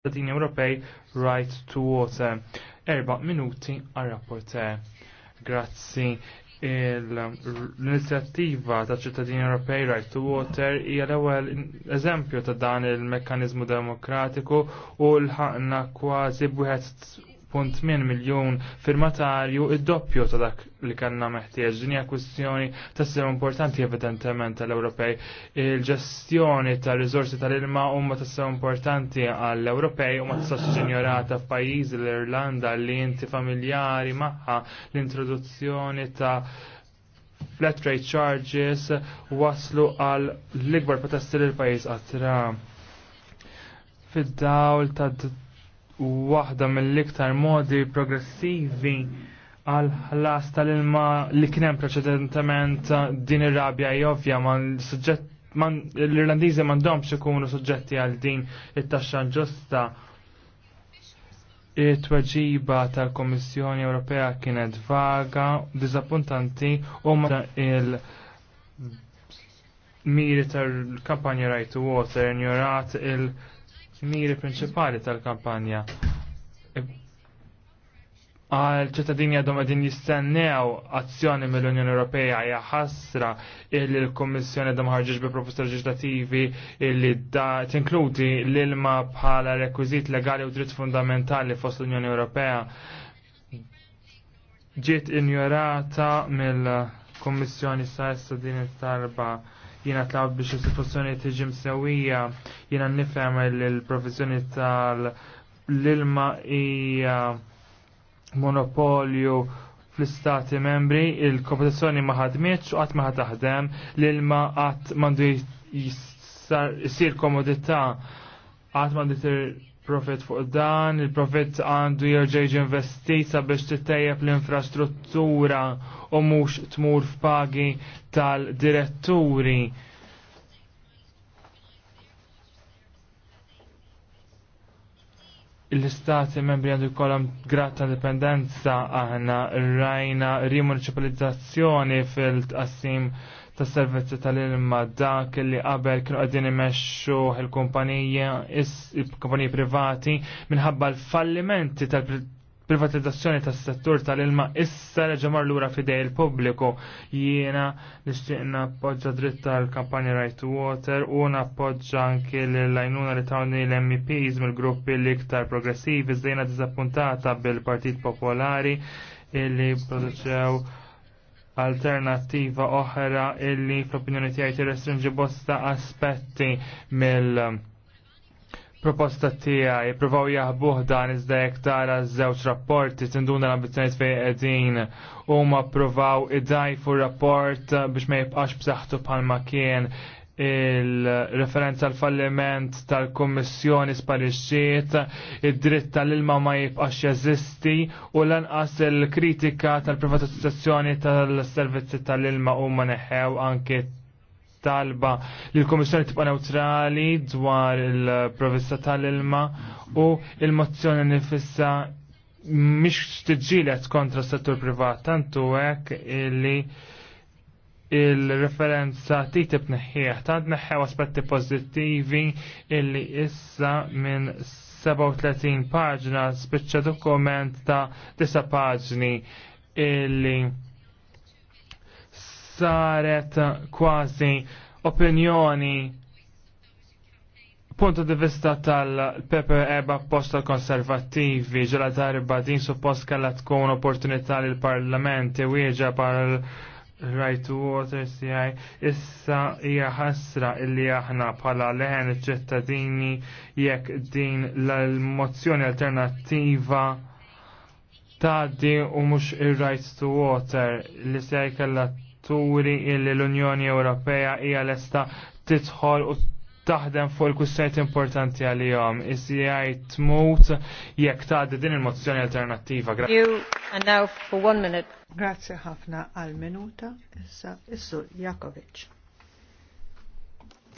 ċittadini Ewropej Right to Water. Erba minuti għal rapporte Grazzi. L-inizjattiva ta' ċittadini Ewropej Right to Water hija l-ewwel eżempju ta' dan il-mekkaniżmu demokratiku u l-ħaqna kważi bwieħed 1.8 miljon firmatarju id-doppju ta' dak li kanna meħtieġ. Din hija kwistjoni ta' s importanti evidentement tal-Ewropej. Il-ġestjoni ta' rizorsi tal-ilma huma ta' sew importanti għall-Ewropej u ma tistax ġenjorata f'pajjiżi l-Irlanda li inti familjari magħha l-introduzzjoni ta' flat rate charges waslu għal l-ikbar protesti l-pajjiż għatra fid-dawl ta' waħda mill-iktar modi progressivi għal ħlas tal-ilma li kienem preċedentament din ir-rabja jovja ma l-suġġett man l-Irlandiżi m'għandhomx ikunu suġġetti għal din it-taxxa ġusta. It-tweġiba tal komissjoni Ewropea kienet vaga, diżappuntanti u ma il miri tal-kampanja Right to Water ignorat il- miri prinċipali tal-kampanja. E, għal ċittadini għadhom għadin jistennew azzjoni mill-Unjoni Ewropea hija ħasra illi l-Kummissjoni għadhom ħarġiġ bi proposti leġislativi illi da tinkludi l-ilma bħala rekwiżit legali u dritt fundamentali fost l-Unjoni Ewropea ġiet injorata mill-Kommissjoni sa' din it-tarba jiena tlab biex is-situazzjoni tiġi msewwija jiena nifem il-professjoni tal-ilma hija monopolju fl-istati membri il kompetizjoni ma ħadmitx u qatt maħad taħdem l-ilma qatt m'għandu jisir komodità qatt m'għandu profit fuq dan, il-profit għandu jirġej investit sabiex tittejjeb l-infrastruttura u mhux tmur f'pagi tal-diretturi l-istati membri għandu jkollhom grad ta' indipendenza aħna rajna rimunicipalizzazzjoni fil-tqassim tas servizzi tal-ilma dak li qabel kienu għadin imexxu il kumpanija il-kumpaniji privati minħabba l-fallimenti tal privatizzazzjoni tas settur tal-ilma issa l lura fidej il-pubbliku. Jiena nixtieq nappoġġa dritt tal-kampanja Right to Water u nappoġġa anke l-lajnuna li tawni l-MEPs mill-gruppi li iktar progressivi żdejna diżappuntata bil-Partit Popolari illi produċew alternativa oħra illi fl-opinjoni tiegħi tirrestringi bosta aspetti mill- proposta tiegħi provaw jaħbuh dan iżda jekk tara żewġ rapporti tinduna l-ambizzjonijiet fejn qegħdin huma ppruvaw idajfu rapport biex ma jibqax b'saħħtu bħalma kien il-referenza l falliment tal-Kommissjoni sparixxiet, id-dritt tal-ilma ma jibqax jeżisti u lanqas il-kritika tal-privatizzazzjoni tal-servizzi tal-ilma u ma neħew anke talba li l-Komissjoni tibqa' neutrali dwar il-provista tal-ilma u il-mozzjoni nifissa mhix tiġġielet kontra s-settur privat tantu hekk illi il-referenza titib neħħieħ, tant neħħew aspetti pożittivi illi issa minn 37 paġna spiċċa dokument ta' 9 paġni illi saret kważi opinjoni punto di vista tal eba' posta konservativi ġela darba din suppost kalla tkun opportunità l parlament iwieġa par Right to Water CI issa hija ħasra illi aħna bħala leħen iċ-ċittadini jekk din l-mozzjoni alternattiva tgħaddi u mhux ir-right to water li se jkella turi illi l-Unjoni Ewropea hija lesta titħol u taħdem fuq il-kussajt importanti għal-jom. Isijaj tmut jekk taħdi din il-mozzjoni alternativa. Grazie ħafna għal-minuta. Issa, issu Jakovic.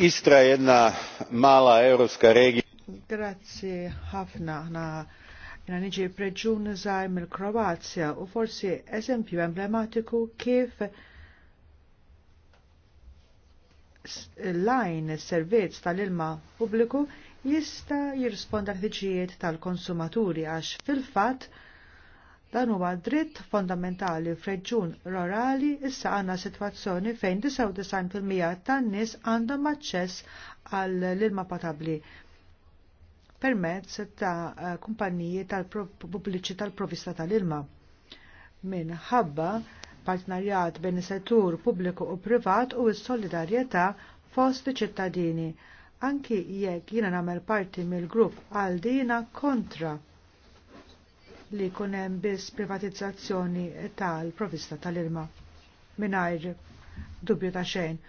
Istra jedna mala europska regi. Grazie ħafna ħna jena niġi preġun zaħim il-Kroazja u forsi eżempju emblematiku kif lajn servizz tal-ilma pubbliku jista jirrisponda ħtiġijiet tal-konsumaturi għax fil-fatt dan huwa dritt fondamentali f'reġjun rurali issa għandna sitwazzjoni fejn 99% tan-nies għandhom aċċess għall-ilma potabbli permezz ta' kumpaniji tal-pubbliċi tal-provista tal-ilma. Minħabba partnerjat bejn is-settur pubbliku u privat u s-solidarjetà fost iċ-ċittadini. Anki jekk jiena nagħmel parti mill-grupp għal dina kontra li jkun hemm biss privatizzazzjoni tal-provista tal-ilma. Mingħajr dubju ta' xejn.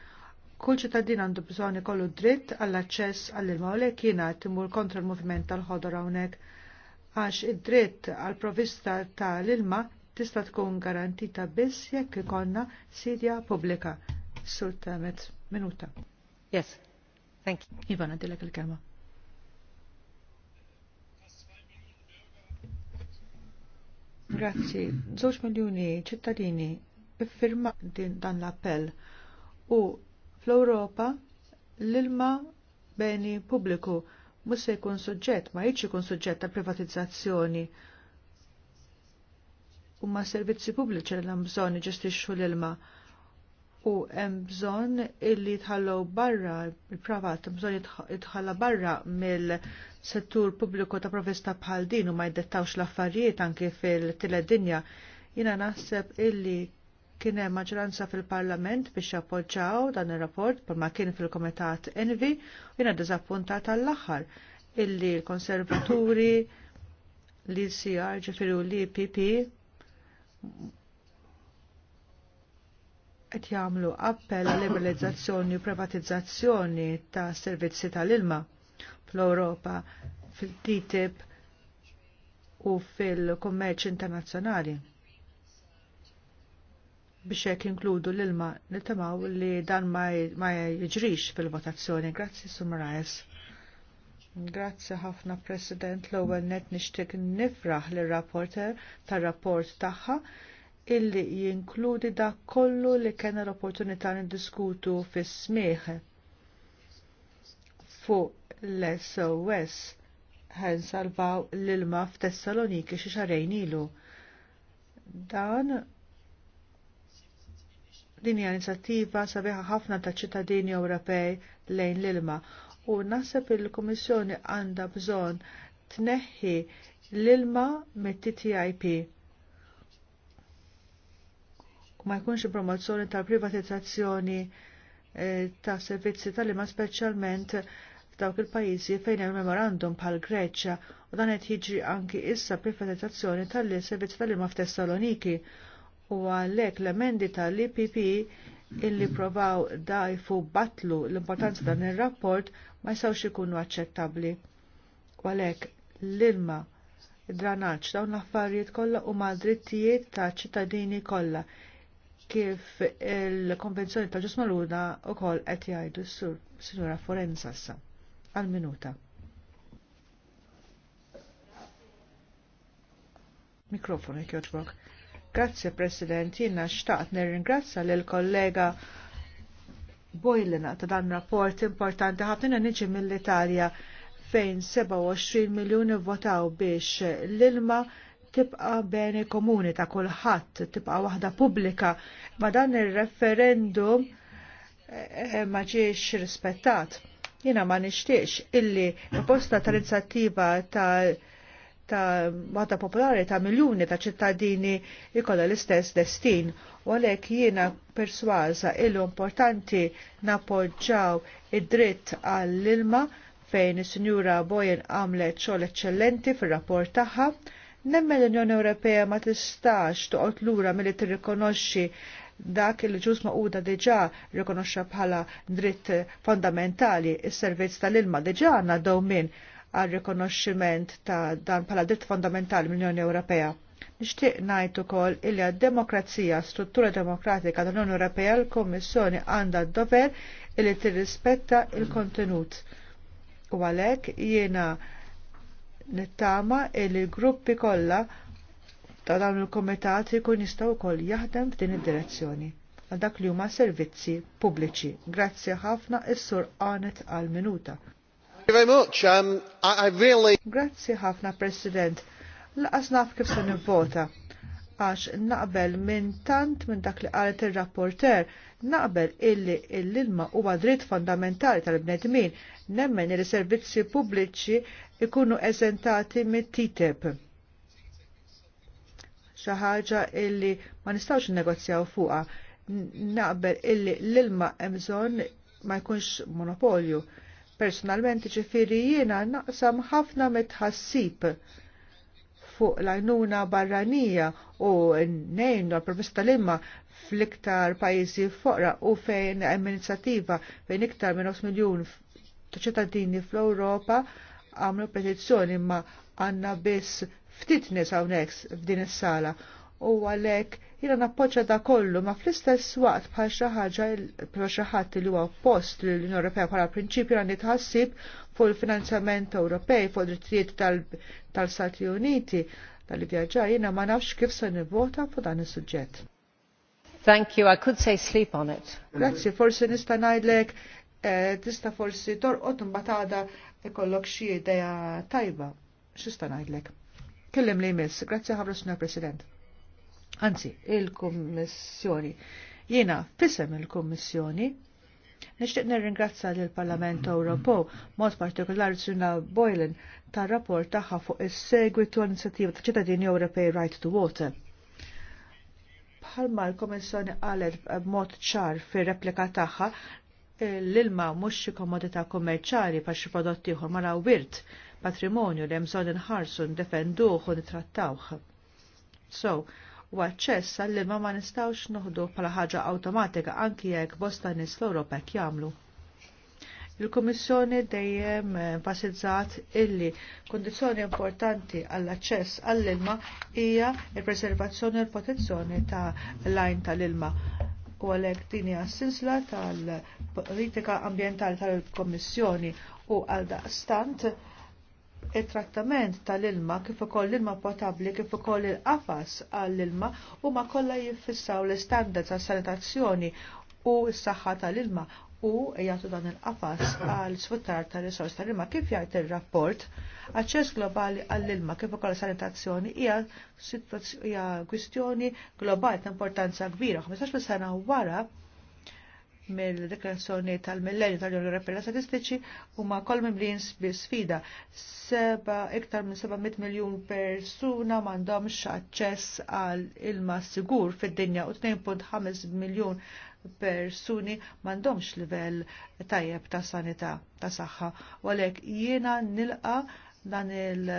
Kull ċittadin għandu bżonn ikollu dritt għall-aċċess għall-ilma u lek jiena timur kontra l-moviment tal-ħodor hawnhekk għax id-dritt għall provista tal-ilma tista' tkun garantita biss jekk ikonna sidja pubblika. Sur Temet, minuta. Yes, thank you. Ivan, għadilek il-kelma. Grazzi. Zoċ miljoni ċittadini iffirma dan l-appell u fl-Ewropa l-ilma beni pubbliku mhux se jkun suġġett ma jiġi jkun suġġett ta' privatizzazzjoni u ma servizzi pubbliċi li bżonn iġestixxu l-ilma u hemm bżonn illi jitħallew barra il-privat bżonn jitħalla barra mill-settur pubbliku ta' provista bħal din u ma jdettawx l-affarijiet anke fil-tile dinja jina naħseb illi kien hemm maġranza fil-Parlament biex jappoġġaw dan ir-rapport ma kien fil-Komitat Envi u jiena dizappuntat għall-aħħar illi l-Konservaturi l cr ġifiru l epp qed jagħmlu appell għal liberalizzazzjoni u privatizzazzjoni ta' servizzi tal-ilma fl-Ewropa fil-TTIP u fil-kummerċ internazzjonali. Biex hekk inkludu l-ilma nittamaw li dan ma jiġrix fil-votazzjoni. Grazzi, Sumrajes. Grazzi ħafna President l-ewwel net nixtieq nifraħ lir rapporter tar-rapport tagħha illi jinkludi dak kollu li kena l-opportunità niddiskutu fis-smieħ fuq l-SOS ħen salvaw l-ilma f'Tessaloniki xi xarejn ilu. Dan din hija inizjattiva sabiħa ħafna ta' ċittadini Ewropej lejn l-ilma u naħseb il-Kummissjoni għandha bżonn tneħħi l-ilma mit-TTIP. U ma jkunx promozzjoni tal-privatizzazzjoni eh, ta' servizzi tal-ilma speċjalment f'dawk il-pajjiżi fejn hemm memorandum bħal Greċja u dan qed jiġri anki issa privatizzazzjoni tal-servizzi tal-ilma f'Tessaloniki u għalhekk l-emendi tal-IPP illi provaw dajfu batlu l-importanza dan il-rapport ma jistgħux ikunu aċċettabbli. Għalhekk l-ilma id-dranaċ dawn l-affarijiet kollha huma drittijiet ta' ċittadini kollha kif il-konvenzjoni ta' ġus l u qed jgħidu s-sur Sinura Forenza sa għal minuta. Mikrofon jekk joġbok. Grazie President, jina xtaqt nirringrazza l kollega Bojlina ta' dan rapport importanti ħafna niġi mill-Italja fejn 27 miljoni votaw biex l-ilma tibqa bene komuni ta' kulħadd, tibqa waħda pubblika, ma dan ir-referendum eh, ma ġiex rispettat. Jiena ma nixtiex illi proposta tal-inizjattiva tal ta' wada popolari ta' miljoni ta' ċittadini jikolla l-istess destin. U għalek jiena perswaza illu importanti napoġġaw id-dritt għall-ilma fejn is-Sinjura Bojen għamlet xogħol eċċellenti fir-rapport tagħha. Nemmen l-Unjoni Ewropea ma tistax toqgħod lura milli tirrikonoxxi dak il ġus maquda diġa rikonoxxa bħala dritt fondamentali, is-servizz tal-ilma deġa għandna daw minn għal rikonoxximent ta' dan bħala dritt fondamentali mill-Unjoni Ewropea. Nixtieq ngħid ukoll illi għad-demokrazija, struttura demokratika tal-Unjoni Ewropea l kummissjoni għandha d-dover illi tirrispetta il-kontenut. U għalhekk jiena nittama illi gruppi kollha ta' dawn il-komitat jkun jistgħu wkoll jaħdem f'din id-direzzjoni għal dak li huma servizzi pubbliċi. Grazzi ħafna is-sur Anet għal minuta. Um, Grazzi ħafna, President. Laqas naf kif se nivvota għax naqbel minn tant minn dak li qalet ir-rapporter naqbel illi l-ilma huwa dritt fondamentali tal-bnedmin nemmen li servizzi pubbliċi ikunu eżentati mit-TTIP. Xi ħaġa illi ma nistgħux negozjaw fuqha naqbel illi l-ilma hemm bżonn ma jkunx monopolju Personalment ġifiri jiena naqsam ħafna mitħassib fuq l-għajnuna barranija u nejn l profess tal-imma fl-iktar pajjiżi foqra u fejn hemm fejn iktar minn 8 miljon ta' ċittadini fl-Ewropa għamlu petizzjoni ma għandna biss ftit nies f'din is-sala u għalek jina nappoċa da kollu ma fl-istess waqt bħal xi ħaġa proċaħat xi ħadd li huwa oppost l-Unjoni Ewropea bħala prinċipju għandi tħassib fuq il-finanzjament Ewropej fuq drittijiet tal-Stati Uniti tal-vjaġġar jiena ma nafx kif se nivvota fuq dan is-suġġett. Thank you, I could say sleep on it. Grazzi, forsi nista' ngħidlek eh, tista' forsi torqod imbagħad għada ikollok xi idea tajba. X'ista' ngħidlek? Kellem li jmiss, grazzi ħabra Sr. President anzi, il-Kommissjoni. Jiena fissem il-Kommissjoni, nixtieq nirringrazza lill parlament Ewropew, mod partikolari Sina Boylan, tar rapport tagħha fuq is-segwitu l-inizjattiva ta' ċittadini Ewropej Right to Water. Bħalma l-Kommissjoni qalet b'mod ċar fir-replika tagħha l-ilma mhux xi komodità kummerċjali pa xi prodotti ieħor mara wirt patrimonju li hemm bżonn inħarsu, ndefenduh u nittrattawh. So, u aċċess għall ma ma nistawx noħdu bħala ħaġa awtomatika anki jekk bosta nis l-Ewropa jagħmlu. il komissjoni dejjem enfasizzat illi kondizjoni importanti għall-aċċess għall-ilma hija il-preservazzjoni u l-protezzjoni ta' lajn tal-ilma. U għalhekk din hija sinsla tal-politika ambjentali tal komissjoni u għal daqstant it-trattament tal-ilma kif ukoll l-ilma potabbli kif ukoll il-qafas għall-ilma huma kollha jiffissaw l-istandards għas-sanitazzjoni u s-saħħa tal-ilma u jagħtu dan il-qafas għal sfruttar tal-risors tal-ilma kif jgħid ir-rapport aċċess globali għall-ilma kif ukoll sanitazzjoni hija hija kwistjoni globali ta' importanza kbira 15 sena wara mill-deklarazzjoni tal-millenju tal-Unjoni Ewropea statistiċi huma kol mimlin bi sfida. Seba iktar minn 700 miljun persuna m'għandhomx aċċess għal ilma sigur fid-dinja u 2.5 miljun persuni m'għandhomx livell tajjeb ta' sanità ta' saħħa. U għalhekk jiena nilqa dan il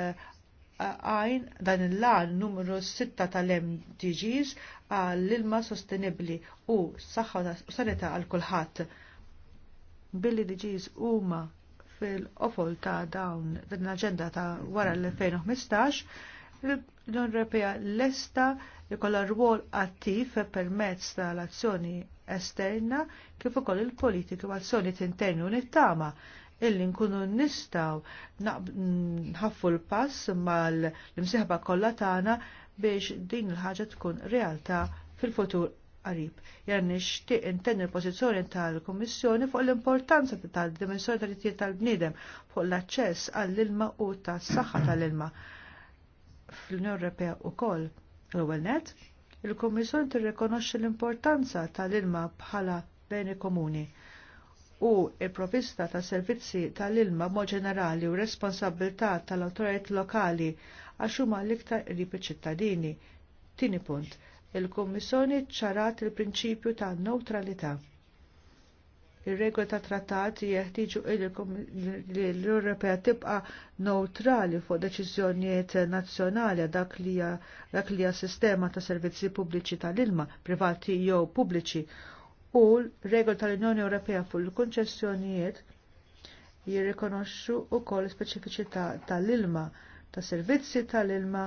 għajn dan il-lan numru 6 tal-MDGs għall-ilma sostenibli u saħħa u sanità għal kulħadd. Billi DGs huma fil-qofol ta' dawn din l-aġenda ta' wara l-2015 l-Unjoni Ewropea lesta jkollha rwol attiv permezz tal-azzjoni esterna kif ukoll il-politiki u azzjonijiet interni u nittama illi nkunu nistaw nħaffu l-pass mal-imsiħba kollha tagħna biex din il-ħaġa tkun realtà fil-futur qarib. Jan nixtieq intenni l-pożizzjoni tal-Kummissjoni fuq l-importanza tal-dimensjoni tal tal-bniedem fuq l-aċċess għall-ilma u tas-saħħa tal-ilma fl-Unjoni Ewropea wkoll. L-ewwel net, il-Kummissjoni tirrikonoxxi l-importanza tal-ilma bħala beni komuni u il-provista ta' servizzi tal-ilma mod ġenerali u responsabilità tal-autorit lokali għaxuma l-iktar qrib ċittadini. Tini punt, il-Kommissjoni ċarat il-prinċipju ta' neutralità. Ir-regoli ta' trattat jeħtieġu l-Ewropea tibqa' neutrali fuq deċiżjonijiet nazzjonali dak li hija sistema ta' servizzi pubbliċi tal-ilma, privati jew pubbliċi u l-regol tal-Unjoni Ewropea fuq il-konċessjonijiet jirrikonoxxu wkoll speċifiċità tal-ilma, tas servizzi tal-ilma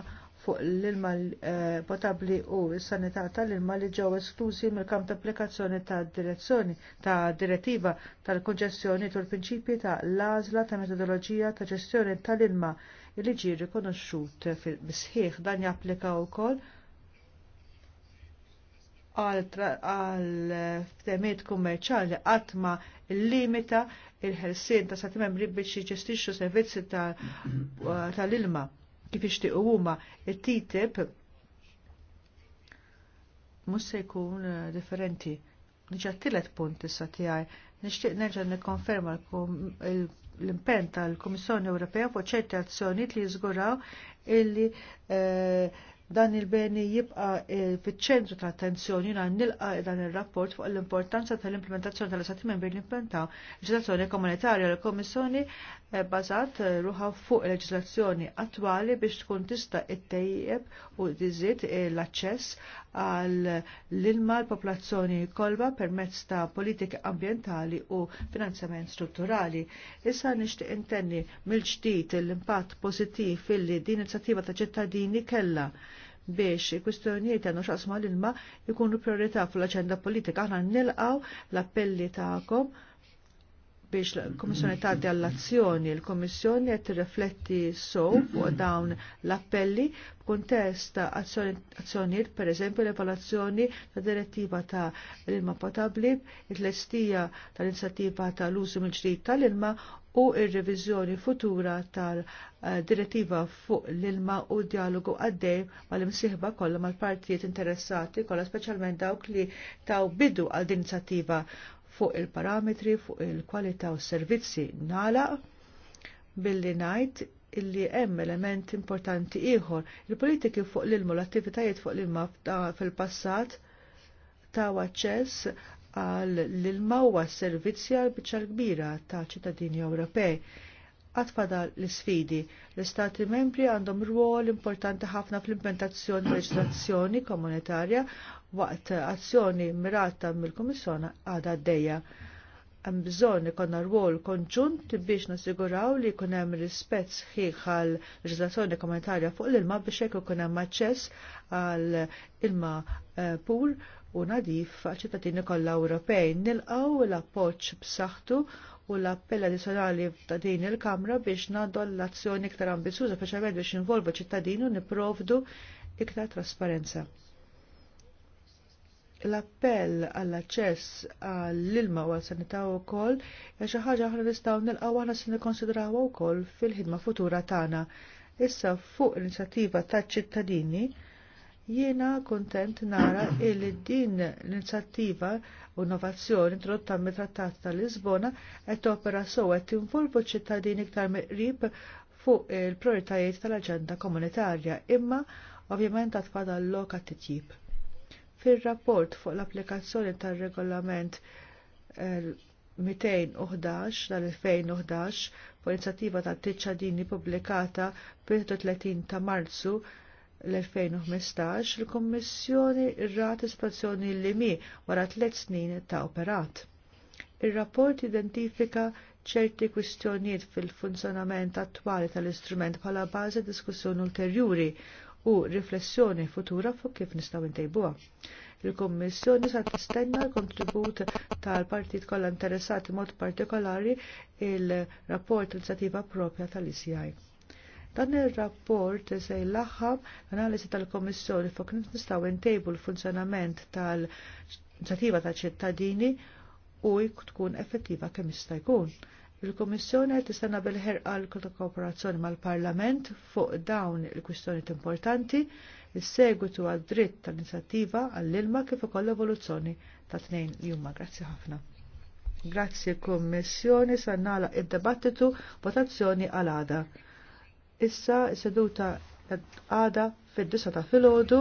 fuq l-ilma eh, potabbli u s-sanità tal-ilma li ġew esklużi mill-kamp ta' applikazzjoni ta' direzzjoni ta' direttiva tal-konġessjoni tul prinċipji ta' l-għażla ta' metodoloġija ta' ġestjoni tal-ilma li ġie rikonoxxut fil-bisħieħ dan japplika wkoll għal eh, ftemiet kummerċali għatma limita il-ħelsien ta' stati membri biex jġestixxu servizzi tal-ilma kif ixtiqu huma it-TTIP mhux se jkun eh, differenti. Niġa t-tillet punt issa tiegħi. Nixtieq nerġa' nikkonferma l-impenn tal-Kummissjoni Ewropea fuq ċerti azzjonijiet li jżguraw. illi eh, dan il-beni jibqa eh, fiċ-ċentru ta' attenzjoni na nilqa dan il-rapport fuq l-importanza tal-implementazzjoni tal-Istati membri l-implementaw ġitazzjoni komunitarja l-Komissjoni Eh, bazat eh, ruħa fuq leġislazzjoni attwali biex tkun tista' ittejjeb u tiżid eh, l-aċċess għal l-ilma l-popolazzjoni kolba permezz ta' politika ambientali u finanzjament strutturali. Issa nixtieq intenni mill-ġdid l-impatt pożittiv illi din inizjattiva ta' ċittadini kellha biex il-kwistjonijiet għandu xaqsma l-ilma jkunu priorità fl-aċenda politika. Aħna nilqaw l-appelli ta'kom biex l-Komissjoni tgħaddi għall-azzjoni, l-Komissjoni qed rifletti sow fuq dawn l-appelli b'kuntest azzjonijiet pereżempju l-evaluazzjoni ta' direttiva ta' l-ilma potabli, it-lestija tal-inizjattiva tal-użu mill-ġdid tal-ilma u il reviżjoni futura tal-direttiva fuq l-ilma u dialogu għaddej mal imsihba kollha mal-partijiet interessati kollha speċjalment dawk li taw bidu għal-inizjattiva fuq il-parametri, fuq il-kwalità u s-servizzi nalaq billi najt illi hemm element importanti ieħor. Il-politiki fuq l-ilmu, l-attivitajiet fuq l-ilma fil-passat ta' aċċess għal l-ilma u għas-servizzi għal biċċar kbira ta' ċittadini Ewropej għatfada l-sfidi. L-Istati membri għandhom rwol importanti ħafna fl-implementazzjoni leġislazzjoni komunitarja waqt azzjoni mirata mill-Komissjona għada d-dejja. Hemm bżonn ikollna rwol konġunt biex nasiguraw li jkun hemm rispett sħiħ għal leġislazzjoni komunitarja fuq l-ilma biex hekk ikun hemm aċċess għal ilma eh, pur u nadif ċittadini kollha Ewropej. Nilqgħu l-appoġġ b'saħħtu u l-appell addizzjonali ta' din il-Kamra biex nagħdu l-azzjoni iktar ambizjuża speċjalment biex involvu ċittadini u niprovdu iktar trasparenza. L-appell għall-aċċess għall-ilma u għall-sanità wkoll hija xi ħaġa aħna nistgħu nilqgħu aħna se nikkonsidrawha wkoll fil-ħidma futura tagħna. Issa fuq l inizjattiva taċ ċittadini Jiena kontent nara illi din l-inizjattiva u innovazzjoni introdotta mit-Trattat ta' Lisbona qed opera sew qed tinvolvu ċittadini iktar miqrib fuq il-prioritajiet tal-aġenda komunitarja, imma ovvjament għad fadallok għat titjib. Fil-rapport fuq l-applikazzjoni tal-regolament 211 tal-2011 fuq inizjattiva tal-tiċċadini pubblikata bil-30 ta' Marzu l-2015 il-Kommissjoni rrat ispazzjoni l-limi wara tliet snin ta' operat. Ir-rapport identifika ċerti kwistjonijiet fil-funzjonament attwali tal-istrument bħala bażi diskussjoni ulterjuri u riflessjoni futura fuq kif nistgħu ntejbuha. Il-Kommissjoni sa tistenna l-kontribut tal-partit kollha interessati mod partikolari il-rapport inizjattiva propja tal-ICI. Dan ir-rapport se jlaħħam l-analiżi tal-Komissjoni fuq kif nistgħu ntejbu l-funzjonament tal-inizjattiva tal-ċittadini u tkun effettiva kemm jista' jkun. Il-Komissjoni qed tistenna bil-ħerqa l-kooperazzjoni mal-Parlament fuq dawn il-kwistjonijiet importanti, is-segwitu għad-dritt tal-inizjattiva għall-ilma kif ukoll evoluzzjoni ta' tnejn huma Grazzi ħafna. Grazzi Kommissjoni sa nagħlaq id-debattitu votazzjoni għal għada. Issa seduta għada fid-disa ta' filgħodu.